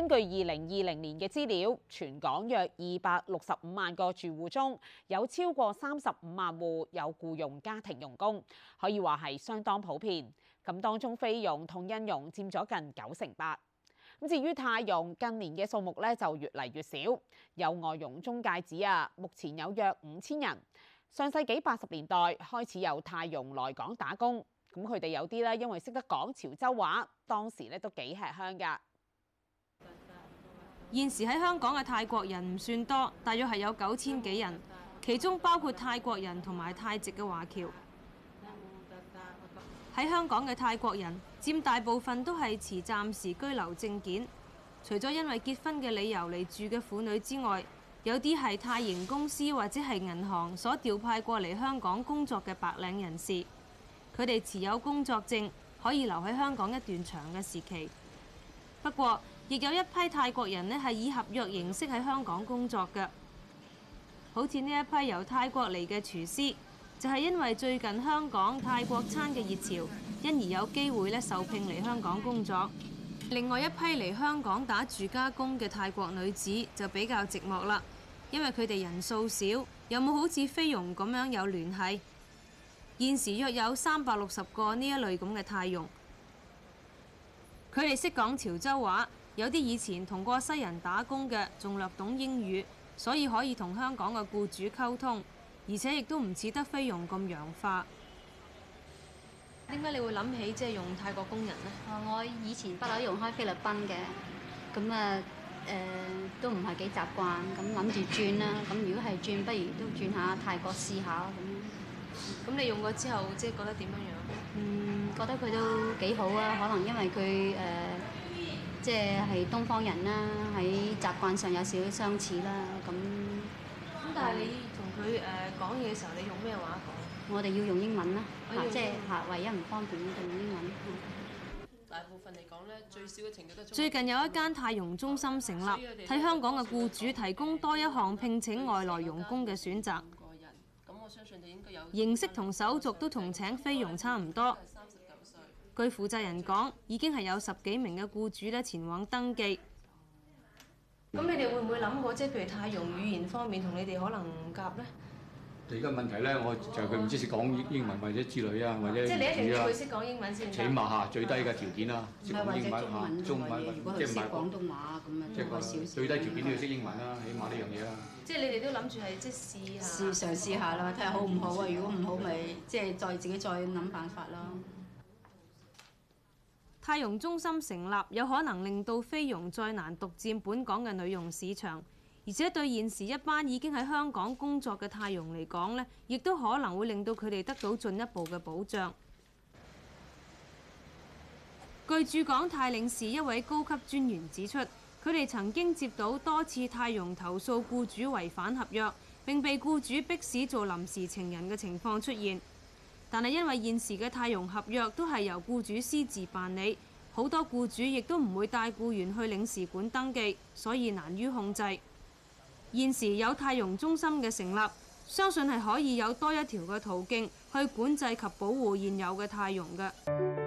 根據二零二零年嘅資料，全港約二百六十五萬個住戶中，有超過三十五萬戶有雇用家庭傭工，可以話係相當普遍。咁當中菲傭同印傭佔咗近九成八。咁至於泰傭，近年嘅數目咧就越嚟越少。有外傭中介指啊，目前有約五千人。上世紀八十年代開始有泰傭來港打工，咁佢哋有啲咧因為識得講潮州話，當時咧都幾吃香㗎。現時喺香港嘅泰國人唔算多，大約係有九千幾人，其中包括泰國人同埋泰籍嘅華僑。喺香港嘅泰國人佔大部分都係持暫時居留證件，除咗因為結婚嘅理由嚟住嘅婦女之外，有啲係泰營公司或者係銀行所調派過嚟香港工作嘅白領人士，佢哋持有工作證可以留喺香港一段長嘅時期。不過，亦有一批泰國人咧，係以合約形式喺香港工作嘅，好似呢一批由泰國嚟嘅廚師，就係因為最近香港泰國餐嘅熱潮，因而有機會咧受聘嚟香港工作。另外一批嚟香港打住家工嘅泰國女子就比較寂寞啦，因為佢哋人數少，又冇好似菲傭咁樣有聯繫。現時約有三百六十個呢一類咁嘅泰傭，佢哋識講潮州話。有啲以前同過西人打工嘅，仲略懂英語，所以可以同香港嘅雇主溝通，而且亦都唔似得菲傭咁洋化。點解你會諗起即係用泰國工人呢？啊、我以前不嬲用開菲律賓嘅，咁啊誒都唔係幾習慣，咁諗住轉啦。咁如果係轉，不如都轉下泰國試下咁。咁你用過之後，即係覺得點樣樣？嗯，覺得佢都幾好啊。可能因為佢誒。呃即係東方人啦，喺習慣上有少少相似啦，咁咁但係你同佢誒講嘢嘅時候，你用咩話講？我哋要用英文啦，即係嚇，唯一唔方便用英文。大部分嚟講咧，最少嘅程序都最近有一間泰傭中心成立，喺香港嘅雇主提供多一項聘請外來傭工嘅選擇。個人咁我相信就應該有形式同手續都同請菲傭差唔多。據負責人講，已經係有十幾名嘅僱主咧前往登記。咁你哋會唔會諗過即係譬如泰傭語言方面同你哋可能唔夾咧？而家問題咧，我就佢唔知識講英文或者之類者啊，就是啊或，或者。即係你一定要佢識講英文先起碼嚇最低嘅條件啦，識講英文中文如果佢識廣東話咁啊，最少。最低條件都要識英文啦，啊，起碼呢樣嘢啦。即係你哋都諗住係即係試，試下。試嘗試下啦，睇下好唔好啊！如果唔好，咪即係再自己再諗辦法咯。嗯。泰傭中心成立有可能令到菲傭再難獨佔本港嘅女傭市場，而且對現時一班已經喺香港工作嘅泰傭嚟講咧，亦都可能會令到佢哋得到進一步嘅保障。據駐港泰領事一位高級專員指出，佢哋曾經接到多次泰傭投訴僱主違反合約，並被僱主逼使做臨時情人嘅情況出現。但係因為現時嘅泰傭合約都係由僱主私自辦理，好多僱主亦都唔會帶僱員去領事館登記，所以難於控制。現時有泰傭中心嘅成立，相信係可以有多一條嘅途徑去管制及保護現有嘅泰傭嘅。